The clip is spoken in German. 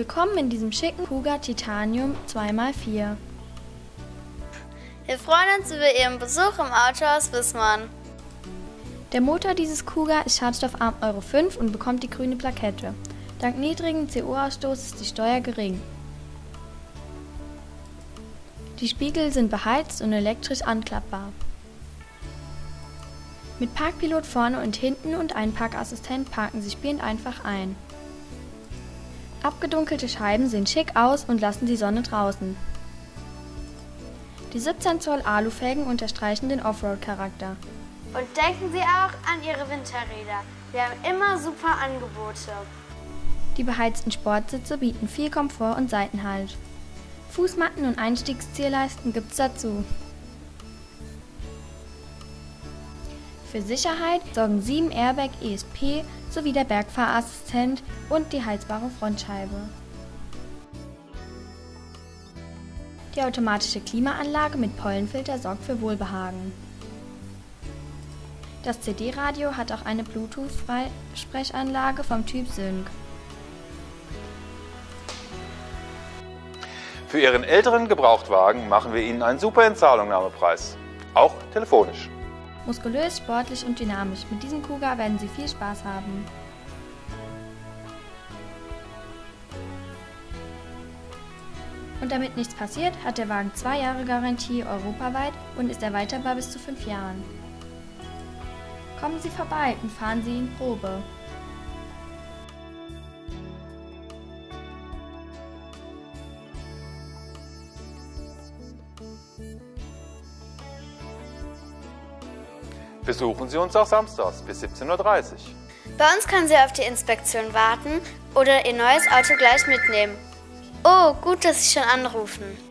Willkommen in diesem schicken Kuga Titanium 2x4. Wir freuen uns über Ihren Besuch im Autohaus Wissmann. Der Motor dieses Kuga ist schadstoffarm Euro 5 und bekommt die grüne Plakette. Dank niedrigem CO-Ausstoß ist die Steuer gering. Die Spiegel sind beheizt und elektrisch anklappbar. Mit Parkpilot vorne und hinten und Parkassistent parken Sie spielend einfach ein. Abgedunkelte Scheiben sehen schick aus und lassen die Sonne draußen. Die 17 Zoll Alufelgen unterstreichen den Offroad-Charakter. Und denken Sie auch an Ihre Winterräder. Wir haben immer super Angebote. Die beheizten Sportsitze bieten viel Komfort und Seitenhalt. Fußmatten und Einstiegszielleisten gibt's dazu. Für Sicherheit sorgen 7 Airbag ESP sowie der Bergfahrassistent und die heizbare Frontscheibe. Die automatische Klimaanlage mit Pollenfilter sorgt für Wohlbehagen. Das CD-Radio hat auch eine Bluetooth-Freisprechanlage vom Typ Sync. Für Ihren älteren Gebrauchtwagen machen wir Ihnen einen super Entzahlungnahmepreis, auch telefonisch. Muskulös, sportlich und dynamisch. Mit diesem Kuga werden Sie viel Spaß haben. Und damit nichts passiert, hat der Wagen 2 Jahre Garantie europaweit und ist erweiterbar bis zu 5 Jahren. Kommen Sie vorbei und fahren Sie in Probe. Besuchen Sie uns auch samstags bis 17.30 Uhr. Bei uns können Sie auf die Inspektion warten oder Ihr neues Auto gleich mitnehmen. Oh, gut, dass Sie schon anrufen.